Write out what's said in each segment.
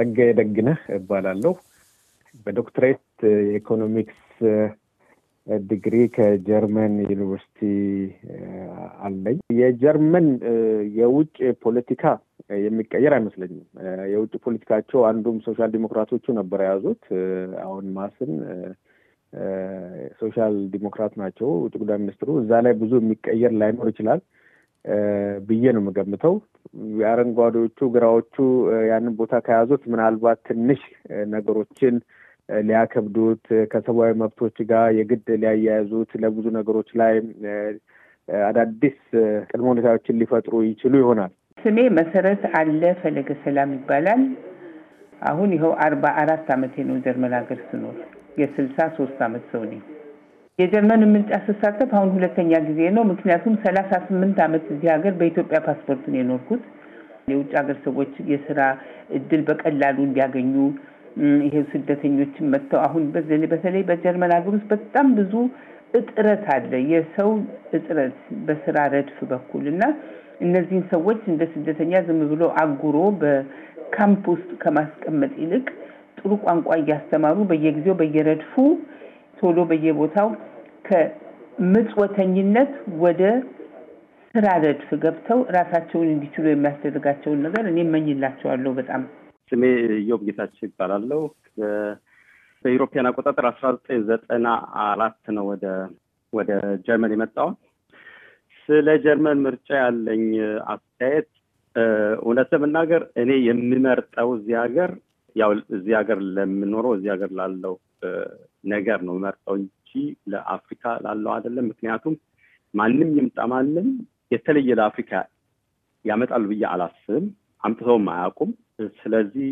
ጸጋዬ ደግነህ እባላለሁ። በዶክትሬት የኢኮኖሚክስ ዲግሪ ከጀርመን ዩኒቨርሲቲ አለኝ። የጀርመን የውጭ ፖለቲካ የሚቀየር አይመስለኝም። የውጭ ፖለቲካቸው አንዱም ሶሻል ዲሞክራቶቹ ነበር የያዙት። አሁን ማስን ሶሻል ዲሞክራት ናቸው ውጭ ጉዳይ ሚኒስትሩ። እዛ ላይ ብዙ የሚቀየር ላይኖር ይችላል። ብዬ ነው የምገምተው። የአረንጓዴዎቹ ግራዎቹ ያንን ቦታ ከያዙት ምናልባት ትንሽ ነገሮችን ሊያከብዱት ከሰብአዊ መብቶች ጋር የግድ ሊያያያዙት ለብዙ ነገሮች ላይ አዳዲስ ቅድመ ሁኔታዎችን ሊፈጥሩ ይችሉ ይሆናል። ስሜ መሰረት አለ ፈለገ ሰላም ይባላል። አሁን ይኸው አርባ አራት አመቴ ነው ጀርመን ሀገር ስኖር የስልሳ ሶስት አመት ሰው ነኝ። የጀርመን ምርጫ ስሳተፍ አሁን ሁለተኛ ጊዜ ነው። ምክንያቱም ሰላሳ ስምንት ዓመት እዚህ ሀገር በኢትዮጵያ ፓስፖርት ነው የኖርኩት። የውጭ ሀገር ሰዎች የስራ እድል በቀላሉ እንዲያገኙ ይሄ ስደተኞችን መጥተው አሁን በተለይ በጀርመን ሀገር ውስጥ በጣም ብዙ እጥረት አለ፣ የሰው እጥረት በስራ ረድፍ በኩል እና እነዚህን ሰዎች እንደ ስደተኛ ዝም ብሎ አጉሮ በካምፕ ውስጥ ከማስቀመጥ ይልቅ ጥሩ ቋንቋ እያስተማሩ በየጊዜው በየረድፉ ቶሎ በየቦታው ከምጽወተኝነት ወደ ስራ ረድፍ ገብተው ራሳቸውን እንዲችሉ የሚያስደርጋቸውን ነገር እኔ መኝላቸዋለሁ። በጣም ስሜ ኢዮብ ጌታቸው ይባላለሁ። በኢሮፒያን አቆጣጠር አስራ ዘጠኝ ዘጠና አራት ነው ወደ ወደ ጀርመን የመጣው። ስለ ጀርመን ምርጫ ያለኝ አስተያየት እውነት ለመናገር እኔ የምመርጠው እዚህ ሀገር ያው እዚህ ሀገር ለምኖረው እዚህ ሀገር ላለው ነገር ነው የምመርጠው ለአንቺ ለአፍሪካ ላለው አይደለም። ምክንያቱም ማንም ይምጣ ማንም የተለየ ለአፍሪካ ያመጣሉ ብዬ አላስብም። አምጥተውም አያውቁም። ስለዚህ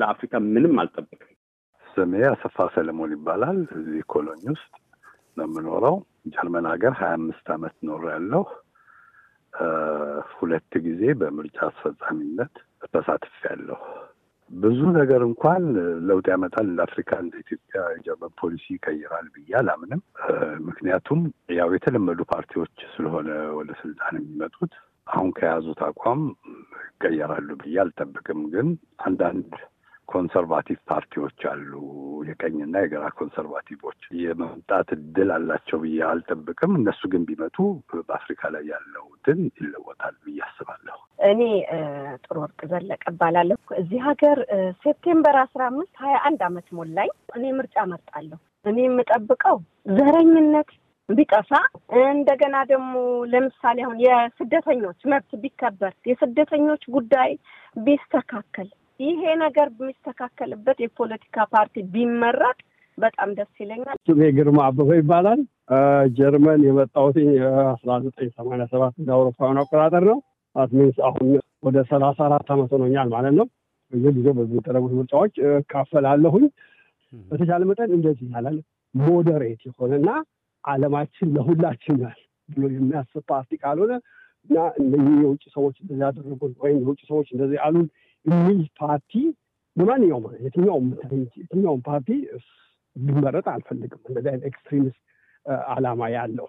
ለአፍሪካ ምንም አልጠብቅም። ስሜ አሰፋ ሰለሞን ይባላል። እዚህ ኮሎኒ ውስጥ ነው የምኖረው። ጀርመን ሀገር ሀያ አምስት አመት ኖር ኖሬያለሁ። ሁለት ጊዜ በምርጫ አስፈጻሚነት ያለሁ ብዙ ነገር እንኳን ለውጥ ያመጣል እንደ አፍሪካ እንደ ኢትዮጵያ የጀርመን ፖሊሲ ይቀይራል ብዬ አላምንም። ምክንያቱም ያው የተለመዱ ፓርቲዎች ስለሆነ ወደ ስልጣን የሚመጡት አሁን ከያዙት አቋም ይቀየራሉ ብዬ አልጠብቅም። ግን አንዳንድ ኮንሰርቫቲቭ ፓርቲዎች አሉ፣ የቀኝና የግራ ኮንሰርቫቲቮች የመምጣት እድል አላቸው ብዬ አልጠብቅም። እነሱ ግን ቢመጡ በአፍሪካ ላይ ያለው እንትን ይለወጣል ብዬ አስባለሁ። እኔ ጥሩ ወርቅ ዘለቀ እባላለሁ። እዚህ ሀገር ሴፕቴምበር አስራ አምስት ሀያ አንድ አመት ሞላኝ። እኔ ምርጫ መርጣለሁ። እኔ የምጠብቀው ዘረኝነት ቢጠፋ እንደገና ደግሞ ለምሳሌ አሁን የስደተኞች መብት ቢከበር፣ የስደተኞች ጉዳይ ቢስተካከል፣ ይሄ ነገር የሚስተካከልበት የፖለቲካ ፓርቲ ቢመረጥ በጣም ደስ ይለኛል። ስሜ ግርማ አበበ ይባላል። ጀርመን የመጣሁት አስራ ዘጠኝ ሰማንያ ሰባት እንደ አውሮፓውያን አቆጣጠር ነው። አትሚንስ አሁን ወደ ሰላሳ አራት አመት ሆኖኛል ማለት ነው። ጊዜ በሚደረጉት ምርጫዎች እካፈላለሁኝ። በተቻለ መጠን እንደዚህ ይላል ሞዴሬት የሆነና አለማችን ለሁላችን ያል ብሎ የሚያስብ ፓርቲ ካልሆነ እና እነዚህ የውጭ ሰዎች እንደዚህ ያደረጉን ወይም የውጭ ሰዎች እንደዚህ አሉን የሚል ፓርቲ በማንኛውም የትኛውም የትኛውም ፓርቲ ቢመረጥ አልፈልግም። እንደዚህ አይነት ኤክስትሪሚስት አላማ ያለው